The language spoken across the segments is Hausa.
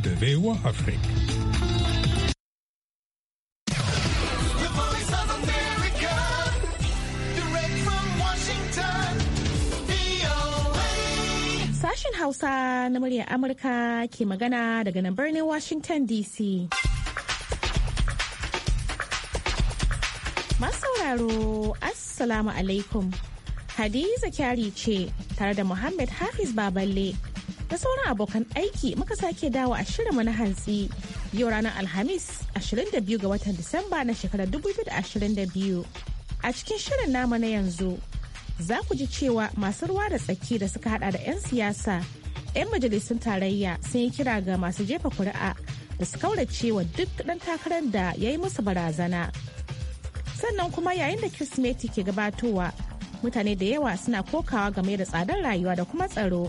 de VOA Afrique. Sashen Hausa na muryar Amurka ke magana daga nan birnin Washington DC. Masu sauraro, Assalamu alaikum. Hadiza Kyari ce tare da Muhammad Hafiz Baballe da sauran abokan aiki muka sake dawo a shirinmu na hantsi yau ranar alhamis 22 ga watan disamba na shekarar 2022 a cikin shirin namu na yanzu za ku ji cewa masu ruwa da tsaki da suka hada da 'yan siyasa 'yan majalisun tarayya sun yi kira ga masu jefa kuri'a da su kauracewa duk dan takarar da ya yi musu barazana sannan kuma yayin da kirsimeti ke gabatowa mutane da yawa suna kokawa game da tsadar rayuwa da kuma tsaro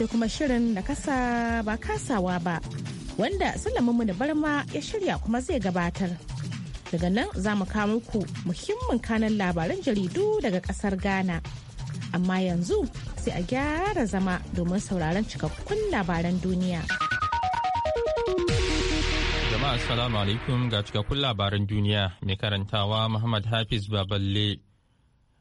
sai kuma shirin na kasa ba kasawa ba wanda mu da barma ya shirya kuma zai gabatar. Daga nan za mu kawo muku muhimmin kanan labaran jaridu daga kasar Ghana. Amma yanzu sai a gyara zama domin sauraron cikakkun labaran duniya. Jama'a Assalamu alaikum ga cikakkun labaran duniya mai karantawa Muhammad Hafiz Baballe.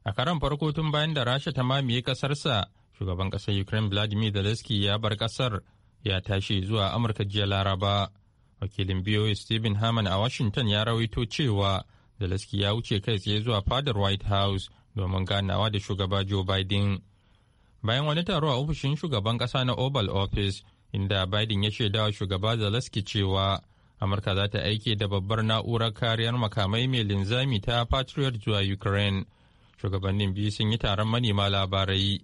A karan farko tun bayan da Rasha ta mamaye kasarsa shugaban ƙasar ukraine vladimir zelensky ya bar ƙasar ya tashi zuwa amurka jiya laraba wakilin boa stephen haman a washington ya rawaito cewa zelensky ya wuce kai tsaye zuwa fadar white house domin ganawa da shugaba joe biden bayan wani taro a ofishin shugaban ƙasa na oval office inda biden ya shaida wa shugaba zelensky cewa amurka za ta aike da babbar na'urar kariyar makamai mai linzami ta patriot zuwa ukraine shugabannin biyu sun yi taron manema labarai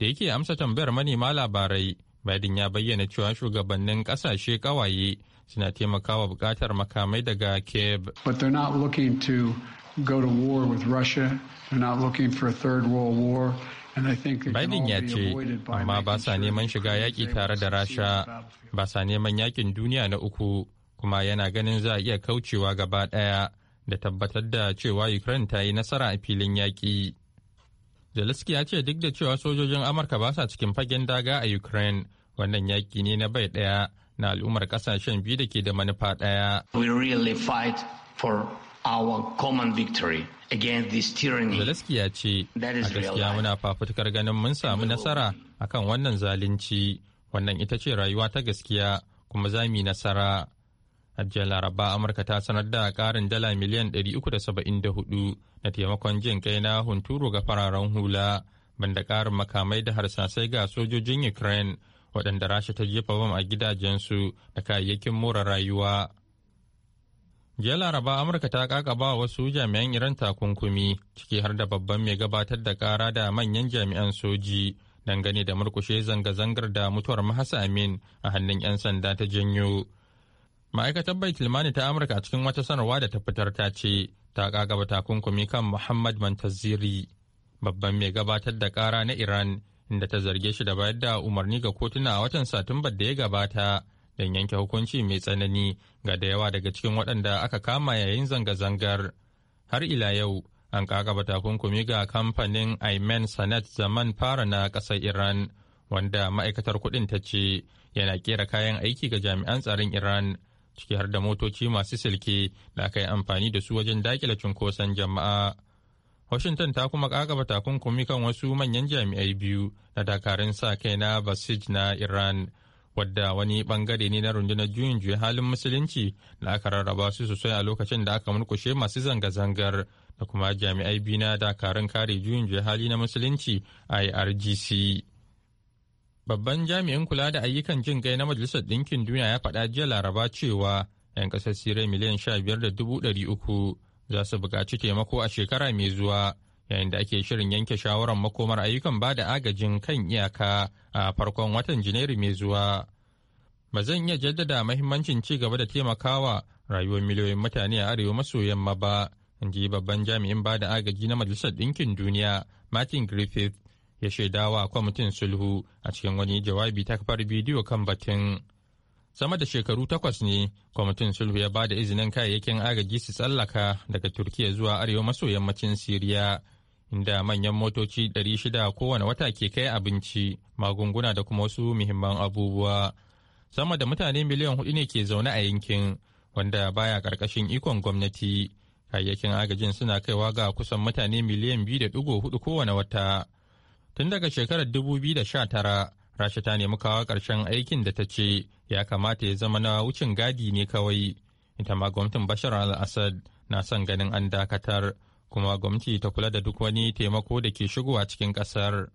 da yake amsa tambayar manema labarai biden ya bayyana cewa shugabannin kasashe kawaye suna taimakawa bukatar makamai daga kiev but they're not looking to go to war with Biden ya ce, amma ba sa neman shiga yaƙi tare da Rasha, ba sa neman yaƙin duniya na uku, kuma yana ganin za a iya kaucewa gaba ɗaya da tabbatar da cewa Ukraine ta yi nasara a filin yaƙi. Zelensky ya ce duk da cewa sojojin Amurka ba sa cikin fagen daga a Ukraine, wannan yaki ne na bai ɗaya na al'ummar ƙasashen biyu da ke da manufa ɗaya. We really fight for our common victory against this tyranny. Zelensky ya ce, a gaskiya muna fafutukar ganin mun samu nasara akan wannan zalunci, wannan ita ce rayuwa ta gaskiya kuma za mu yi nasara. a jiya laraba amurka ta sanar da karin dala miliyan 374 na taimakon jin kai na hunturu ga fararen hula banda karin makamai da harsasai ga sojojin ukraine waɗanda rasha ta jefa bam a gidajensu da kayayyakin more rayuwa jiya laraba amurka ta kakaba wasu jami'an iran takunkumi ciki har da babban mai gabatar da kara da manyan jami'an soji dangane da murkushe zanga-zangar da mutuwar mahasa amin a hannun 'yan sanda ta janyo ma'aikatar bai limani ta amurka a cikin wata sanarwa da ta fitar ta ce ta kagaba takunkumi kan muhammad mantaziri babban mai gabatar da kara na iran inda ta zarge shi da bayar da umarni ga kotuna a watan satumbar da ya gabata don yanke hukunci mai tsanani ga da yawa daga cikin waɗanda aka kama yayin zanga-zangar har ila yau an kagaba takunkumi ga kamfanin Ayman Sanat Zaman fara na ƙasar Iran, wanda ma'aikatar kuɗin ta ce yana kera kayan aiki ga jami'an tsaron Iran ciki har da motoci masu silke da aka yi amfani da su wajen dakile cunkoson jama'a. Washington ta kuma kakaba takunkumi kan wasu manyan jami'ai biyu na dakarun sa kai na Basij na Iran, wadda wani bangare ne na rundunar juyin juya halin musulunci da aka rarraba su sosai a lokacin da aka murkushe masu zanga-zangar da kuma jami'ai biyu na dakarun kare juyin juya hali na musulunci IRGC. Babban jami'in kula da ayyukan jin gai na Majalisar Ɗinkin Duniya ya faɗa jiya Laraba cewa 'yan ƙasar Sirai miliyan sha biyar da dubu ɗari uku za su buƙaci taimako a shekara mai zuwa yayin da ake shirin yanke shawarar makomar ayyukan ba da agajin kan iyaka a farkon watan Janairu mai zuwa. Ba zan iya jaddada mahimmancin ci gaba da taimakawa rayuwar miliyoyin mutane a arewa maso yamma ba, in ji babban jami'in ba da agaji na Majalisar Ɗinkin Duniya Martin Griffith ya shaidawa kwamitin sulhu a cikin wani jawabi ta kafar bidiyo kan batun. Sama da shekaru takwas ne kwamitin sulhu ya ba da izinin kayayyakin agaji su tsallaka daga Turkiya zuwa arewa maso yammacin Siriya. Inda manyan motoci 600 kowane wata ke kai abinci, magunguna da kuma wasu muhimman abubuwa. Sama da mutane miliyan hudu ne ke zaune a yankin, wanda baya karkashin ikon gwamnati. Kayayyakin agajin suna kaiwa ga kusan mutane miliyan biyu da hudu kowane wata. Tun daga shekarar 2019, Rasha ta nemi kawo ƙarshen aikin da ta ce ya kamata ya zama na wucin gadi ne kawai. Ita ma gwamnatin Bashar al-Assad na son ganin an dakatar, kuma gwamnati ta kula da duk wani taimako da ke shigowa cikin ƙasar.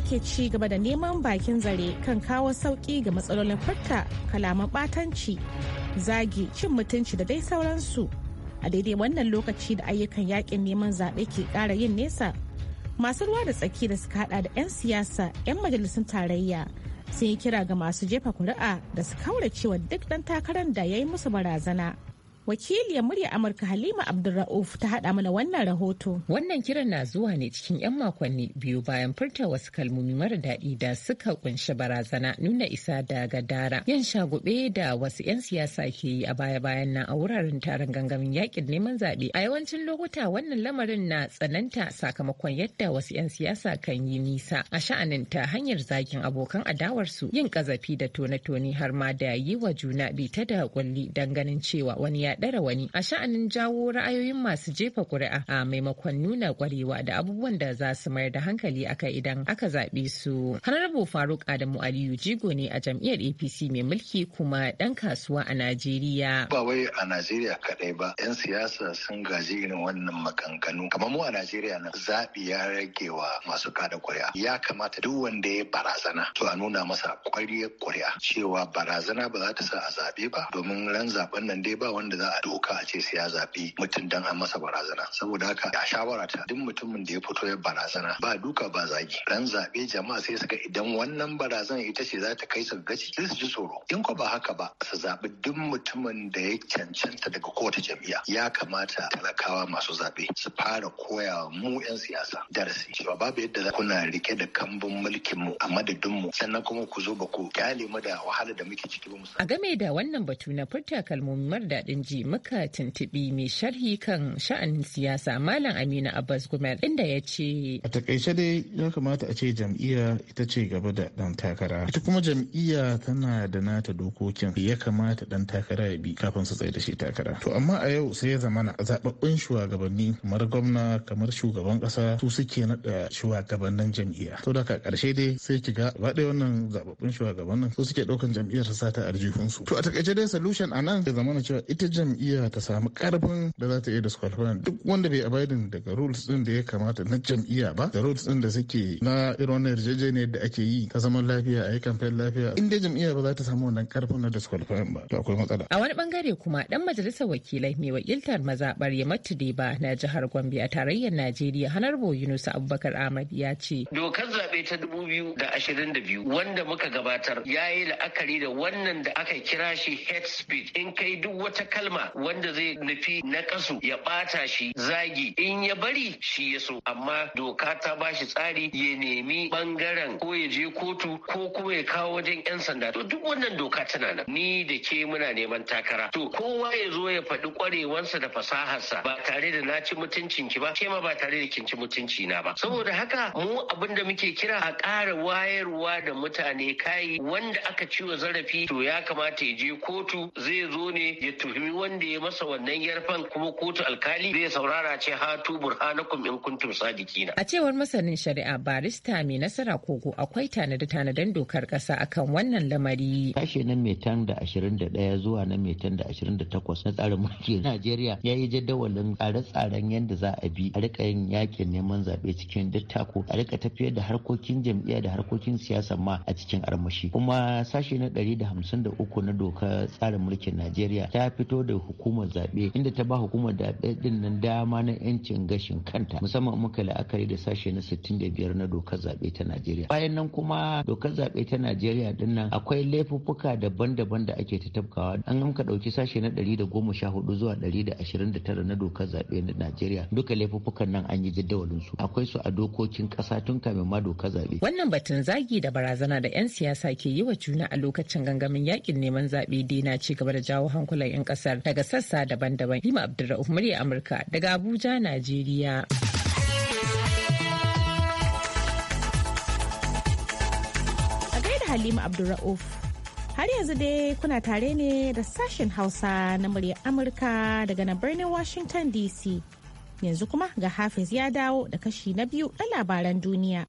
ake ci gaba da neman bakin zare kan kawo sauƙi ga matsalolin furta kalaman ɓatanci zagi cin mutunci da dai sauransu a daidai wannan lokaci da ayyukan yakin neman zaɓe ke ƙara yin nesa masu ruwa da tsaki da suka hada da 'yan siyasa 'yan majalisun tarayya sun yi kira ga masu jefa kuri'a da su cewa duk ɗan takarar da ya yi musu barazana wakiliyar murya amurka halima abdulra'uf ta hada mana wannan rahoto wannan kiran na zuwa ne cikin 'yan makonni biyu bayan furta wasu kalmomi mara daɗi da suka kunshi barazana nuna isa da gadara yan shagube da wasu 'yan siyasa ke yi a baya bayan nan a wuraren taron gangamin yakin neman zaɓe a yawancin lokuta wannan lamarin na tsananta sakamakon yadda wasu 'yan siyasa kan yi nisa a sha'anin ta hanyar zagin abokan adawarsu yin kazafi da tone-tone har ma da yi wa juna bita da kulli ganin cewa wani ya ya ɗara wani a sha'anin jawo ra'ayoyin masu jefa ƙuri'a a maimakon nuna ƙwarewa da abubuwan da za su mayar da hankali aka idan aka zaɓe su. Honorable Faruk Adamu Aliyu jigo ne a jam'iyyar APC mai mulki kuma ɗan kasuwa a Najeriya. Ba wai a Najeriya kaɗai ba 'yan siyasa sun gaji irin wannan maganganu. Kamar mu a Najeriya na zaɓi ya rage wa masu kada ƙuri'a. Ya kamata duk wanda ya barazana to a nuna masa ƙwariyar ƙuri'a cewa barazana ba za ta sa a zaɓe ba domin ran zaɓen nan dai ba wanda za a doka a ce sai ya zaɓi mutum dan a masa barazana saboda haka a shawara ta duk mutumin da ya fito ya barazana ba duka ba zagi ran zaɓe jama'a sai suka idan wannan barazana ita ce za ta kai su gaci sai su ji tsoro in ko ba haka ba su zaɓi duk mutumin da ya cancanta daga kowace jam'iyya ya kamata talakawa masu zaɓe su fara koya mu 'yan siyasa darasi cewa babu yadda za kuna rike da kambun mulkin mu a madadin mu sannan kuma ku zo ba ku kyale mu da wahala da muke ciki ba mu a game da wannan batu na furta kalmomin daɗin daji muka tuntubi mai sharhi kan sha'anin siyasa Malam Aminu Abbas Gumel inda ya ce. A takaice dai ya kamata a ce jam'iyya ita ce gaba da dan takara. Ita kuma jam'iyya tana da nata dokokin ya kamata dan takara ya bi kafin su tsaye da shi takara. To amma a yau sai ya zamana zababbun shugabanni kamar gwamna kamar shugaban ƙasa su suke nada shugabannin jam'iyya. To da ƙarshe dai sai ki ga ba ɗaya wannan zababbun shugabannin su suke ɗaukan jam'iyyar su sata a su. To a takaice dai solution a nan ya zamana cewa ita jam'iyya ta samu karfin da za ta iya disqualify duk wanda bai abiding daga rules din da ya kamata na jam'iyya ba da rules din da suke na irin wannan yarjejeniyar da ake yi ta zaman lafiya a yi kamfen lafiya in dai jam'iyya ba za ta samu wannan karfin na disqualify ba to akwai matsala a wani bangare kuma dan majalisar wakilai mai wakiltar mazabar Yamatu ba na jihar Gombe a tarayyar Najeriya Hanarbo Yunus Abubakar Ahmad ya ce dokar zabe ta 2022 wanda muka gabatar yayi la'akari da wannan da aka kira shi hate speech in kai duk wata kalma kalma wanda zai nufi na kasu ya bata shi zagi in ya bari shi ya so amma doka ta ba shi tsari ya nemi bangaren ko ya je kotu ko kuma ya kawo wajen yan sanda to duk wannan doka tana nan ni da ke muna neman takara to kowa ya zo ya faɗi kwarewansa da fasaharsa ba tare da na ci mutuncin ki ba ke ma ba tare da kin ci mutunci na ba saboda haka mu abin da muke kira a ƙara wayarwa da mutane kai wanda aka ciwa zarafi to ya kamata ya je kotu zai zo ne ya tuhumi wanda ya masa wannan yarfan kuma kotu alkali zai saurara ce hatu burhanakum in kuntum sadikina a cewar masanin shari'a barista mai nasara kogo akwai tanadi tanaden dokar kasa akan wannan lamari kashe na mai tan da 21 zuwa na mai tan da 28 na tsarin mulki Najeriya ya yi jadawalin tsare-tsaren yadda za a bi a rika yin yakin neman zaɓe cikin dattako a rika tafiyar da harkokin jam'iyya da harkokin siyasa ma a cikin armashi kuma sashe na 153 na dokar tsarin mulkin Najeriya ta fito da da hukumar zaɓe inda ta ba hukumar zaɓe din nan dama na 'yancin gashin kanta musamman muka la'akari da sashe na 65 na dokar zaɓe ta Najeriya. Bayan nan kuma dokar zaɓe ta Najeriya din nan akwai laifuffuka daban-daban da ake ta tabkawa an amka ɗauki sashe na 114 zuwa 129 na dokar zaɓe na Najeriya duka laifuffukan nan an yi jaddawalin su akwai su a dokokin ƙasa tun kamin ma dokar zaɓe. Wannan batun zagi da barazana da 'yan siyasa ke yi wa juna a lokacin gangamin yakin neman zaɓe dai na ci gaba da jawo hankulan 'yan ƙasar daga sassa daban-daban. Lima Abdulrahman murya Amurka daga Abuja, Najeriya. A gaida Halima Abdulra'uf. Har yanzu dai kuna tare ne da sashen Hausa na murya Amurka daga na birnin Washington DC. Yanzu kuma ga Hafiz ya dawo da kashi na biyu na labaran duniya.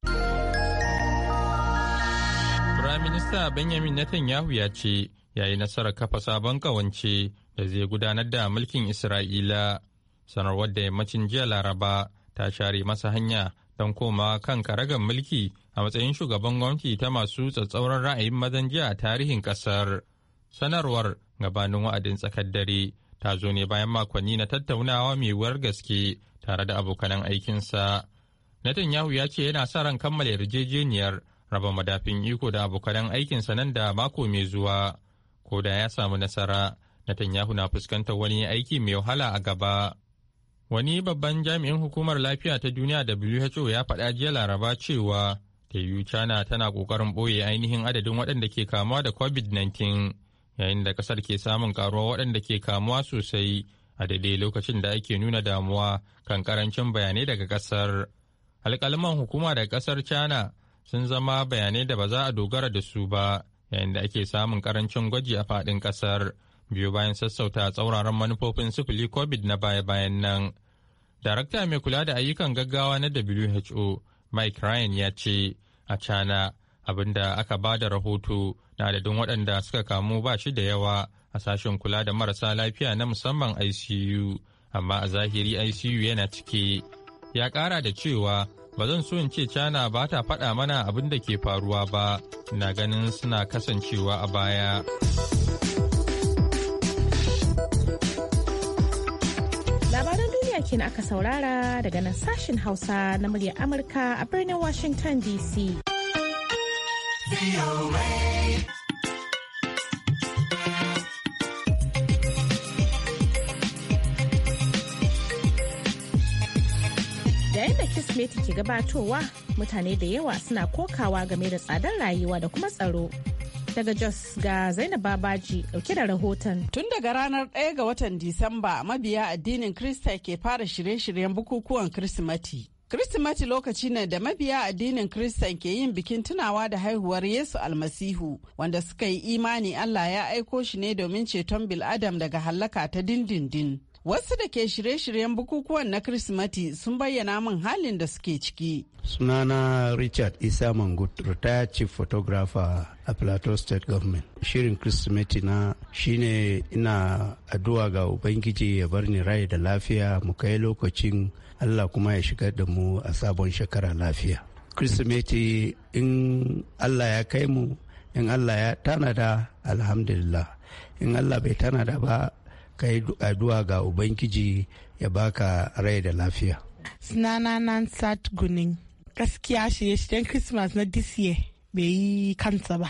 Firaminista Benjamin Netanyahu ya ce, yayi nasarar kafa sabon kawance da zai gudanar da mulkin Isra'ila. Sanarwar da yammacin jiya Laraba ta share masa hanya don koma kan karagar mulki a matsayin shugaban gwamnati ta masu tsatsauran ra'ayin mazan jiya a tarihin kasar Sanarwar gabanin wa'adin tsakar dare ta zo ne bayan makonni na tattaunawa mai wuwar gaske tare da abokanan aikinsa. Netanyahu ya ce yana sa ran kammala yarjejeniyar raba madafin iko da abokanan aikinsa nan da mako mai zuwa, ko da ya samu nasara. Netanyahu na fuskantar wani aiki mai wahala a gaba. Wani babban jami'in hukumar lafiya ta duniya WHO ya faɗa jiya laraba cewa ta China tana ƙoƙarin ɓoye ainihin adadin waɗanda ke kamuwa da COVID-19 yayin da ƙasar ke samun ƙaruwa waɗanda ke kamuwa sosai a daidai lokacin da ake nuna damuwa kan ƙarancin bayanai daga ƙasar. Alƙalman hukuma daga ƙasar China sun zama bayanai da ba za a dogara da su ba yayin da ake samun ƙarancin gwaji a faɗin ƙasar. biyu bayan sassauta tsauraran manufofin sufuli covid na baya-bayan nan darakta mai kula da ayyukan gaggawa na who mike ryan ya ce a cana abinda aka ba da rahoto na adadin waɗanda suka kamu ba shi da yawa a sashen kula da marasa lafiya na musamman icu amma a zahiri icu yana cike ya ƙara da cewa ba zan so in ce cana ba ta faɗa mana abin da ke faruwa ba na ganin suna kasancewa a baya. kenan aka saurara daga nan sashen Hausa na muryar Amurka a birnin Washington DC. Da yadda Kismeti ke gabatowa, mutane da yawa suna kokawa game da tsadar rayuwa da kuma tsaro. daga Jos ga Zainab Babaji dauke da rahoton. Tun daga ranar 1 ga watan Disamba mabiya addinin Krista ke fara shirye-shiryen bukukuwan Kirsimati. Kirsimati lokaci ne da mabiya addinin Kristan ke yin bikin tunawa da haihuwar Yesu almasihu wanda suka yi imani Allah ya aiko shi ne domin ceton bil'adam daga hallaka ta dindindin. Wasu da ke shirye-shiryen bukukuwan na Kirsimati sun bayyana min halin da suke ciki. Sunana Richard Isa Mangut, retired chief photographer a Plateau State Government. Shirin Kirsimeti na shine ina addu'a ga Ubangiji ya bar ni rai da lafiya mu kai lokacin Allah kuma ya shiga da mu a sabon shekara lafiya. Kirsimeti in Allah ya kai mu, in Allah ya tanada alhamdulillah. In Allah bai tanada ba kai addu'a ga ubangiji ya baka rai da lafiya sunana nan sat gunin gaskiya shirye-shiryen christmas na this year bai yi kansa ba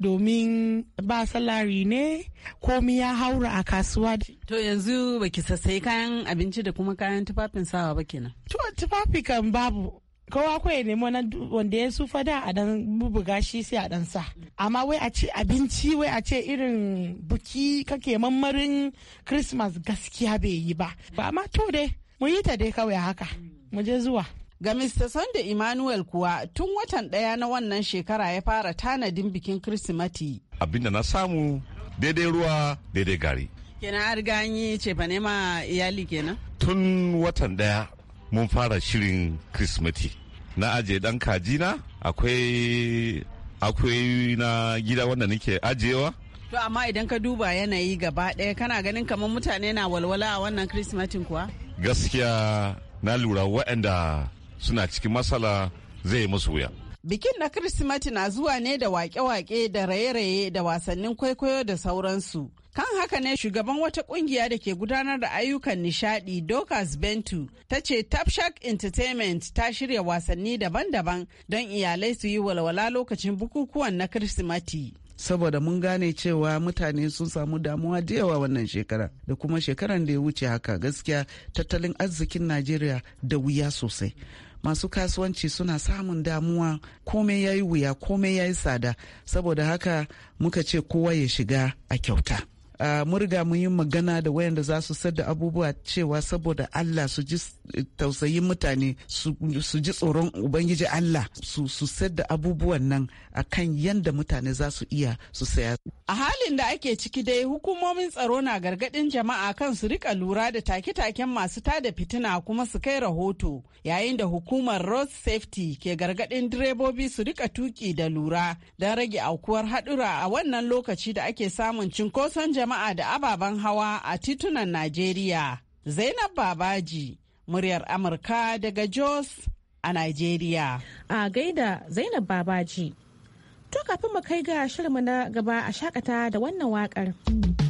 domin ba salari ne komi ya haura a kasuwa. To yanzu baki sassai kayan abinci da kuma kayan tufafin sawa ba kenan. To tufafi kan babu kowa kawai ya nemi wani wanda ya sufa da a dan bubuga shi sai a dan sa amma wai a ce abinci wai a ce irin buki kake mammarin christmas gaskiya bai yi ba ba amma to dai mun yi ta dai kawai haka mu je zuwa Ga Mr. Sunday Emmanuel kuwa tun watan ɗaya na wannan shekara ya fara tanadin bikin Kirsimati. Abinda na samu daidai ruwa daidai gari. Kenan arganyi ce fa nema iyali kenan? Tun watan ɗaya mun fara shirin Kirsimeti. Na aje dan kaji akwai akwai na gida wanda nake ajiyewa. To amma idan ka duba yanayi gaba ɗaya kana ganin kamar mutane na walwala a wannan Kirsimetin kuwa? Gaskiya na lura waɗanda suna cikin matsala zai musu wuya. Bikin na Kirsimeti na zuwa ne da wake-wake da raye-raye da wasannin kwaikwayo da sauransu. Kan haka ne shugaban wata kungiya da ke gudanar da ayyukan nishadi Dokas Bentu ta ce Tapshak Entertainment ta shirya wasanni daban-daban don iyalai su yi walwala lokacin bukukuwan na Kirsimati. saboda mun gane cewa mutane sun samu damuwa da yawa wannan shekara da kuma shekaran da ya wuce haka gaskiya tattalin arzikin najeriya da wuya sosai masu kasuwanci suna samun damuwa komai ya yi wuya komai ya yi tsada saboda haka muka ce kowa ya shiga a kyauta Ah, murga riga mun yi magana da wayanda za su sadda abubuwa cewa saboda Allah su ji tausayin mutane su ji tsoron ubangiji Allah su sadda abubuwan nan akan yanda mutane za su iya su saya a halin da ake ciki dai hukumomin tsaro na gargadin jama'a kan su rika lura da take-taken masu tada fitina kuma su kai rahoto yayin da hukumar road safety ke gargadin direbobi su rika tuki da lura don rage aukuwar haɗura a wannan lokaci da ake samun cinkoson jama'a jama'a da ababen hawa a titunan Najeriya. Zainab Babaji, muryar Amurka daga Jos a Najeriya. A gaida Zainab Babaji. To kafin mu kai ga shirinmu na gaba a shakata da wannan waƙar.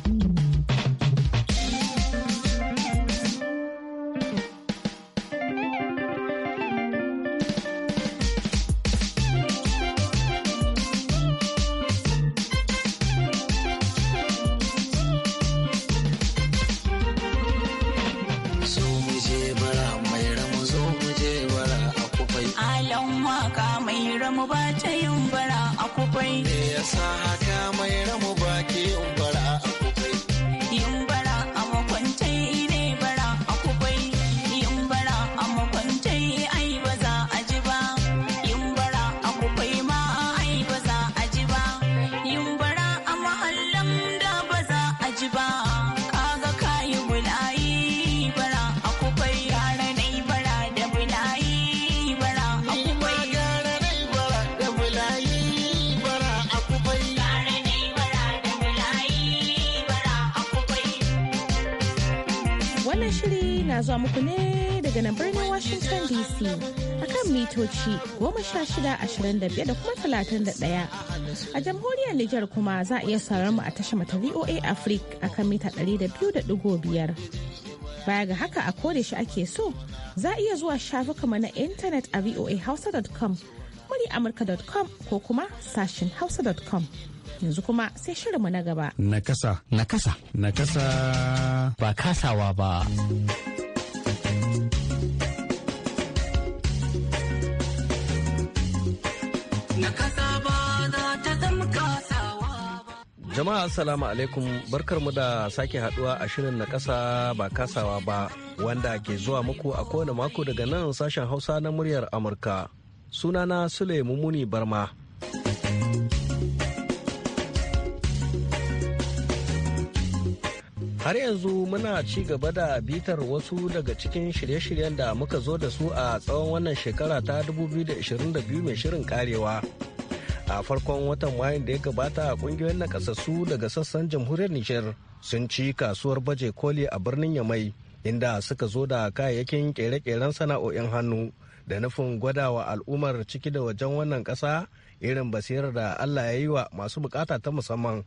ba ta yin bara a kufai. Me yasa haka? zuwa muku ne daga nan birnin Washington DC a kan mitoci 1625 da kuma 31. A jamhuriyar Nijar kuma za a iya sauran mu a tashar mata VOA Africa a kan mita 200.5. Baya ga haka a kode shi ake so za a iya zuwa shafukanmu na intanet a voahausa.com, amurka.com ko kuma sashin hausa.com. yanzu kuma sai shirinmu na gaba. Nakasa. Nakasa. Nakasa. Ba kasawa ba. Jama'a assalamu alaikum mu da sake haduwa a shirin na kasa ba kasawa ba wanda ke zuwa muku a kowane mako daga nan sashen Hausa na muryar Amurka. Sunana Sule Mumuni Barma. har yanzu muna ci gaba da bitar wasu daga cikin shirye-shiryen da muka zo da su a tsawon wannan shekara ta 2022 mai shirin karewa a farkon watan mayun da ya gabata kungiyoyin nakasassu daga sassan jamhuriyar nijar sun ci kasuwar baje koli a birnin yamai inda suka zo da kayayyakin kere-keren sana'o'in hannu da nufin gwadawa al'ummar ciki da wajen wannan ƙasa irin basirar da allah ya yi wa masu bukata ta musamman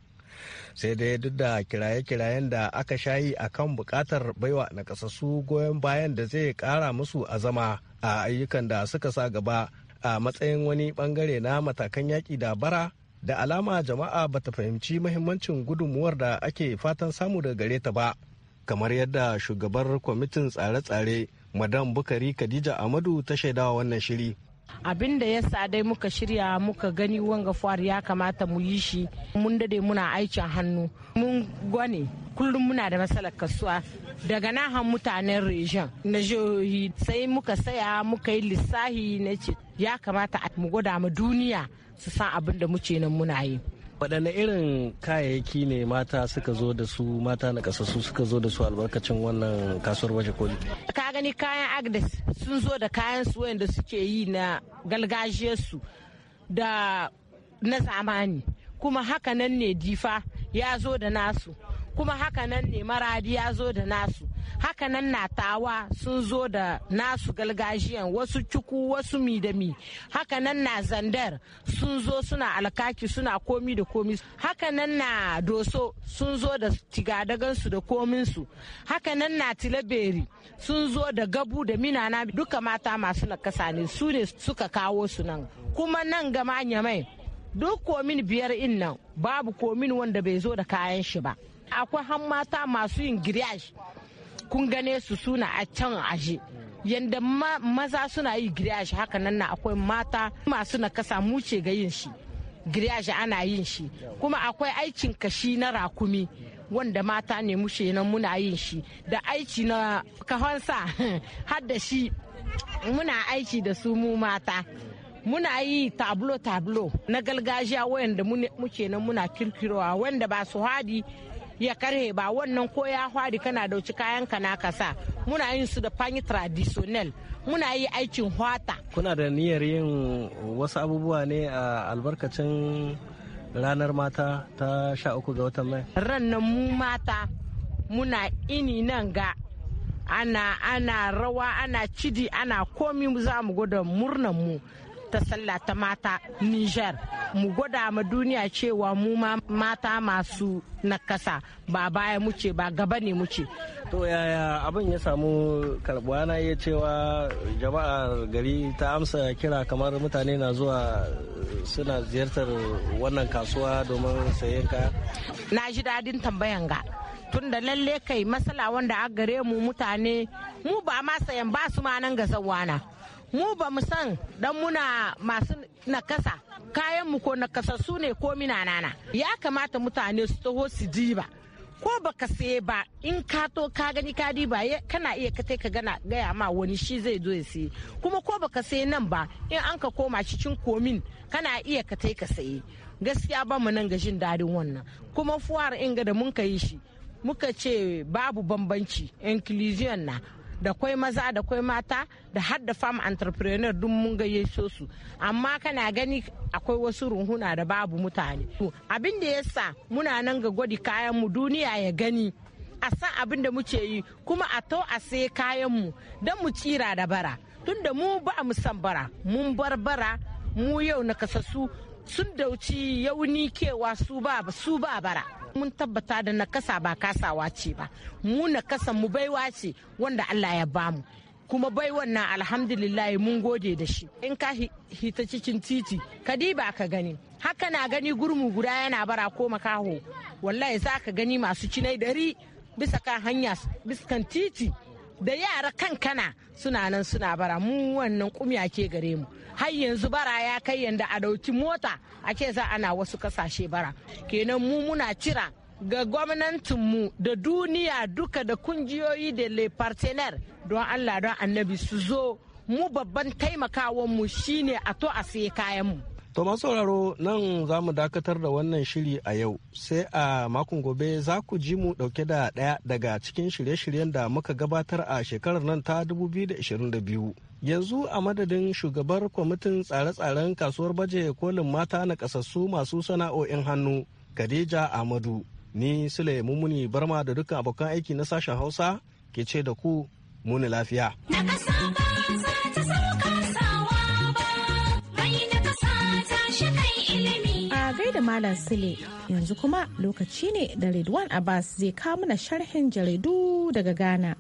sai dai duk da kiraye-kirayen da aka shayi a kan bukatar baiwa nakasassu goyon bayan da zai kara musu azama a ayyukan da suka sa gaba a matsayin wani bangare na matakan yaki da bara da alama jama'a bata fahimci mahimmancin gudunmuwar da ake fatan samu daga gare ta ba kamar yadda shugabar kwamitin tsare-tsare madam bukari khadija amadu ta shaidawa wannan shiri abin da ya sa dai muka shirya muka gani wanga fuwar ya kamata mu yi shi mun dade muna aikin hannu mun gwane kullum muna da matsalar kasuwa daga nahan mutanen region na jihohi sai muka saya muka yi lissahi na ce ya kamata mu gwada ma duniya su san abin da muke nan muna yi waɗanne irin kayayyaki ne mata suka zo da su mata na su suka zo da su albarkacin wannan kasuwar baje koli ka gani kayan agnes sun zo da kayan su wanda suke yi na galgajiyarsu da na zamani kuma haka nan ne difa ya zo da nasu kuma hakanan nan ne maradi ya zo da nasu haka nan na tawa sun zo da nasu galgajiyan wasu cuku wasu mi da mi na zandar sun zo suna alkaki suna komi da komi haka nan na doso sun zo da tigadagansu da kominsu haka nan na tilaberi sun zo da gabu da minana duka mata masu nakasa ne su ne suka kawo su nan kuma nan gama nyamai duk komin biyar in nan babu komin wanda bai zo da kayan shi ba akwai han mata masu yin giriyaj kun gane su suna a can aje yadda maza suna yi giriyaj haka nan na akwai mata masu nakasa mu ce ga yin shi giriyaj ana yin shi kuma akwai aikin kashi na rakumi wanda mata ne mushe nan muna yin shi da aiki na kahonsa har da shi muna aiki da su mu mata muna yi tablo tablo na gargajiya wayanda muke nan muna kirkirowa wanda ba su hadi ya karhe ba wannan ko ya hwari kana dauci kayan ka na kasa muna yin su da fanyi traditional muna yi aikin hwata kuna da niyyar yin wasu abubuwa ne a albarkacin ranar mata ta sha uku ga watan mai ran mu mata muna ini nan ga ana ana rawa ana cidi ana komi za mu gwada murnan mu ta sallah ta mata Nijar. Mu gwada ma duniya cewa mu ma mata masu nakasa ba baya muce ba gaba ne muce. To yaya abin ya samu karbuwa na iya cewa jama'ar gari ta amsa kira kamar mutane na zuwa suna ziyartar wannan kasuwa domin sayen kaya? Na ji daɗin tambayan ga. tun da lalle kai matsala wanda a gare mu mutane mu ba ma sayan ba su ma nan ga zawana mu ba mu san dan muna masu nakasa kayan mu ko su ne ko nana ya kamata mutane su taho su ba ko baka saye ba in ka to ka gani ka diba kana iya ka ka gana gaya ma wani shi zai zo ya saye kuma ko baka saye nan ba in an ka koma cikin komin kana iya ka ka saye gaskiya ba mu nan ga jin dadin wannan kuma fuwar inga da mun ka yi shi muka ce babu bambanci inclusion na da kwai maza da kwai mata da har da farm entrepreneur duk mun gayyato su amma kana gani akwai wasu runhuna da babu mutane abin da yasa muna nan ga gwadi kayan mu duniya ya gani a san abin da muke yi kuma a to a sai kayan mu don mu tsira da bara tunda mu ba mu san bara mun bar bara mu yau na kasasu sun dauci yauni kewa su su ba bara mun tabbata da nakasa ba kasawa ce ba mu nakasa mu baiwa ce wanda Allah ya bamu kuma bai wannan alhamdulillah mun gode da shi in ka hita cikin titi ka diba ka gani haka na gani gurmu guda yana bara ko makaho wallahi za ka gani masu cinai dari bisa kan hanya bisa kan titi da yara kankana suna nan suna bara mu wannan kumya ke gare mu har yanzu bara ya kai yanda a dauki mota ake za ana wasu kasashe bara kenan mu muna cira ga mu da duniya duka da kungiyoyi da le partenaire don allah don annabi su zo mu babban taimakawanmu shine a to a saye mu. To masu sauraro nan za mu dakatar da wannan shiri a yau sai a makon gobe za ku ji mu dauke da ɗaya daga cikin shirye-shiryen da muka gabatar a shekarar nan ta 2022. Yanzu a madadin shugabar kwamitin tsare-tsaren kasuwar baje kolin mata na kasassu masu sana'o'in hannu Khadija amadu Ni Sule Mumuni Barma da dukkan abokan aiki na sashen Hausa ke ce da ku muni lafiya. da Malam Sule. Yanzu kuma lokaci ne da Redwan Abbas zai kawo mana sharhin jaridu daga Ghana.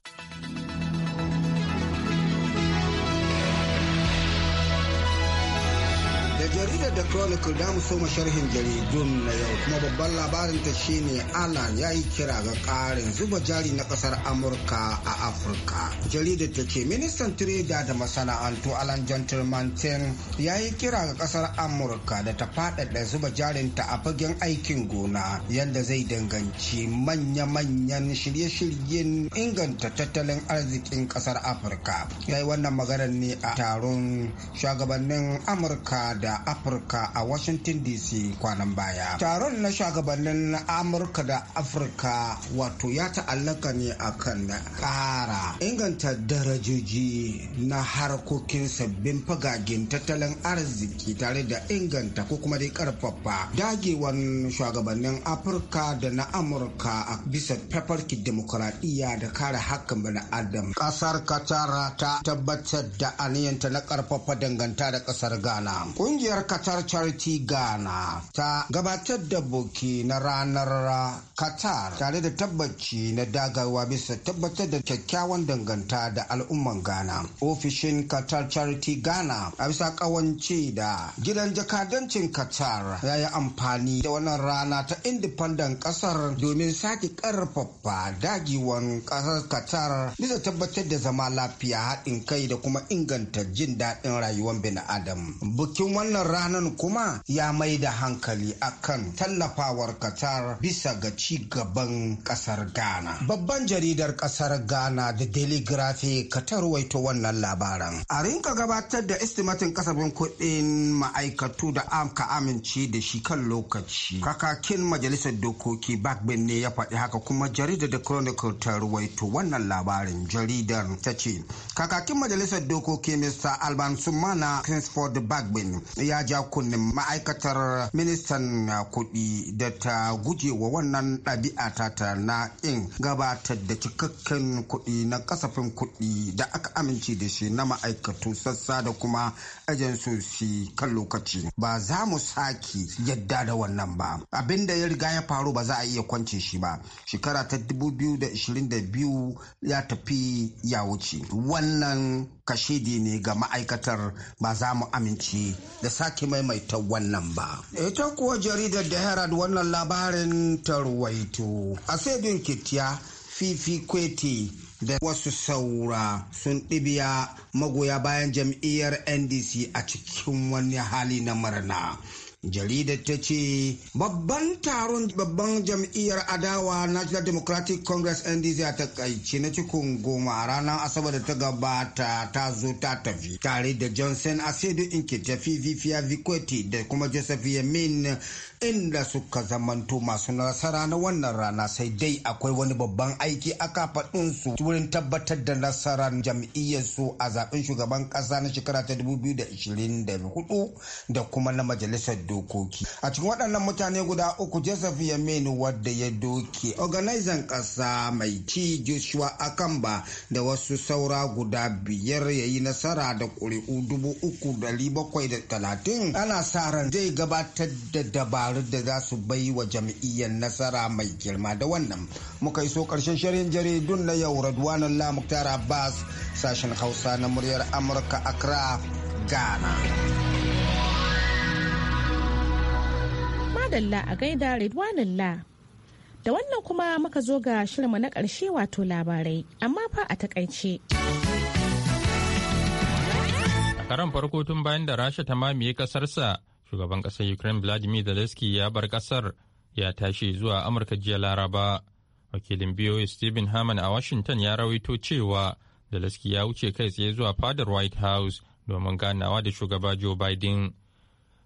Jarida da chronicle da mu soma sharhin jaridun na yau kuma babban labarin ta shine alan ya yi kira ga karin zuba jari na kasar amurka a afirka jaridar ta ce ministan tireda da masana'antu alan gentleman ten ya yi kira ga kasar amurka da ta faɗaɗa zuba jarinta a fagen aikin gona yadda zai danganci manya-manyan shirye-shiryen inganta tattalin arzikin kasar afirka ya yi wannan maganar ne a taron shugabannin amurka da afirka afirka a washington dc kwanan baya taron na shugabannin amurka da afirka wato ya ta'allaka ne akan ƙara inganta darajoji na harkokin sabbin fagagen tattalin arziki tare da inganta ko kuma dai karfafa dagewan shugabannin afirka da na amurka a bisa fafarki demokuraɗiyya da kare hakan bani adam ƙasar katara ta tabbatar da aniyanta na karfafa danganta da ƙasar ghana ƙungiyar ma'aikatar Charity Ghana ta gabatar da buki na ranar Qatar tare da tabbaci na dagawa bisa tabbatar da kyakkyawan danganta da al'umman Ghana. Ofishin Qatar Charity Ghana a bisa kawance da gidan jakadancin Qatar ya yi amfani da wannan rana ta independent kasar domin sake karfafa dagiwan kasar Qatar bisa tabbatar da zama lafiya haɗin kai da kuma inganta jin daɗin rayuwar bin Adam. Bukin wannan rana nan kuma ya mai da hankali kan tallafawar katar bisa ga ci gaban kasar ghana babban jaridar kasar ghana da daily graphic ka tarwaito wannan labaran a rinka gabatar da istimatin kasafin kuɗin ma'aikatu da amka amince da shi kan lokaci kakakin majalisar dokoki bagbin ne ya faɗi haka kuma jaridar da chronicle ta ruwaito wannan labarin jaridar ta ce kakakin majalisar dokoki mr alban sumana kingsford bagbin ya jakunin ma'aikatar ministan ah, kuɗi da ta gujewa wannan ɗabi'a ta ta na in gabatar da cikakken kuɗi na kasafin kuɗi da aka amince da shi na ma'aikatu sassa da kuma ajansosi kan lokaci ba za mu sake yadda da wannan ba abin da ya riga ya faru ba za a iya kwance shi ba shekara ta 2022 ya tafi ya wuce wannan kashedi ne ga ma'aikatar ba za mu amince da sake ki maimaita wannan ba. Ita kuwa jaridar da Herald wannan labarin ta ruwaito. sai Kitiya Fifi Kweti da wasu saura sun ɗibiya magoya bayan jam'iyyar NDC a cikin wani hali na murna. jaridar ta ce babban taron babban jam'iyyar adawa national democratic congress ndc a takaice na cikin goma a ranar asabar da ta gabata ta zo ta tafi tare da johnson asedo tafi vifiya vikweti da kuma joseph yamin inda suka zamanto masu nasara na wannan rana sai dai akwai wani babban aiki a kafaɗinsu wurin tabbatar da nasarar jam'iyyarsu a zaben shugaban kasa na shekara ta 2024 da kuma na majalisar dokoki a cikin waɗannan mutane guda uku joseph yamini wadda ya doke organizan ƙasa mai ci joshua akamba da wasu saura guda biyar ya yi nasara da ƙuri'u dubu uku dari bakwai da talatin ana sa ran zai gabatar da dabaru da za su bai wa jam'iyyar nasara mai girma da wannan muka iso ƙarshen shirin jaridun na yau radwanan lamuktar abbas sashen hausa na muryar amurka accra ghana madalla a gaida Da wannan kuma muka zo ga shirma na ƙarshe wato labarai, amma fa a takaice. A karan farko tun bayan da Rasha ta mamaye ƙasarsa, shugaban ƙasar Ukraine Vladimir Zelensky ya bar ƙasar ya tashi zuwa Amurka jiya Laraba. Wakilin BOA Stephen Hammond a Washington ya rawaito cewa Zelensky ya wuce kai tsaye zuwa fadar White House domin ganawa da shugaba Joe Biden.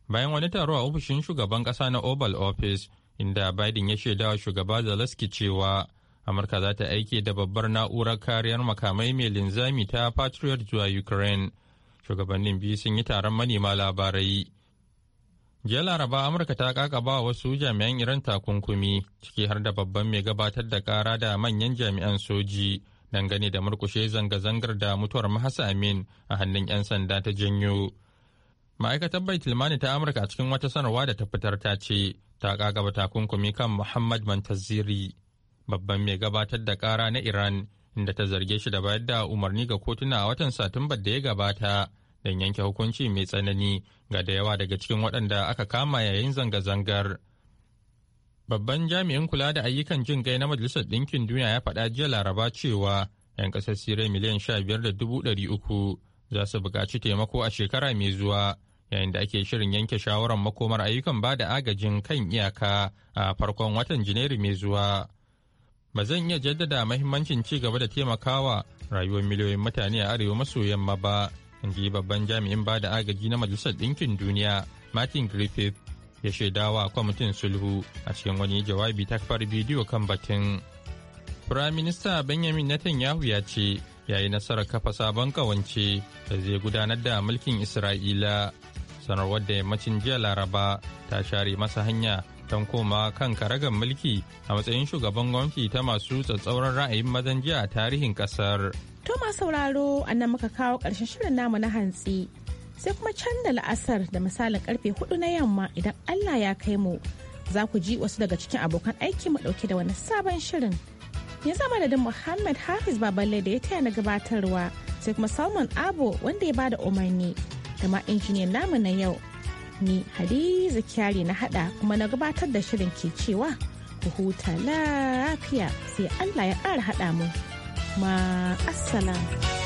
bayan wani taro a ofishin shugaban kasa na oval office inda biden ya shaida wa shugaba zelensky cewa amurka za ta aike da babbar na'urar kariyar makamai mai linzami ta patriot zuwa ukraine shugabannin biyu sun yi taron manema labarai jiya laraba amurka ta kakaba wasu jami'an iran takunkumi ciki har da babban mai gabatar da kara da manyan jami'an soji dangane da murkushe zanga-zangar da mutuwar mahasa amin a hannun 'yan sanda ta janyo ma'aikatar bai tilmani ta amurka a cikin wata sanarwa da ta fitar ta ce ta kagaba takunkumi kan muhammad mantaziri babban mai gabatar da kara na iran inda ta zarge shi da bayar da umarni ga kotuna a watan satumbar da ya gabata don yanke hukunci mai tsanani ga da yawa daga cikin waɗanda aka kama yayin zanga-zangar babban jami'in kula da ayyukan jin gai na majalisar ɗinkin duniya ya faɗa jiya laraba cewa 'yan ƙasar sirai miliyan sha biyar da dubu ɗari uku za su buƙaci taimako a shekara mai zuwa yayin da ake shirin yanke shawarar makomar ayyukan ba da agajin kan iyaka a farkon watan janairu mai zuwa ba zan iya jaddada mahimmancin ci gaba da taimakawa rayuwar miliyoyin mutane a arewa maso yamma ba in ji babban jami'in ba da agaji na majalisar ɗinkin duniya martin griffith ya shaidawa kwamitin sulhu a cikin wani jawabi ta kafar bidiyo kan batun firaminista benjamin netanyahu ya ce ya yi nasarar kafa sabon kawance da zai gudanar da mulkin isra'ila sanarwar da yammacin jiya laraba ta share masa hanya don koma kan karagar mulki a matsayin shugaban gwamnati ta masu tsatsauran ra'ayin mazan jiya a tarihin kasar. To sauraro nan muka kawo ƙarshen shirin namu na hantsi sai kuma can da la'asar da misalin karfe hudu na yamma idan Allah ya kai mu za ku ji wasu daga cikin abokan aiki mu dauke da wani sabon shirin. Ya zama da Muhammad Hafiz Baballe da ya taya na gabatarwa sai kuma Salman Abo wanda ya bada umarni. da ma injiniyan namu na yau ni hadiza kyari na hada kuma na gabatar da shirin ke cewa ku huta lafiya sai allah ya ƙara hada mu ma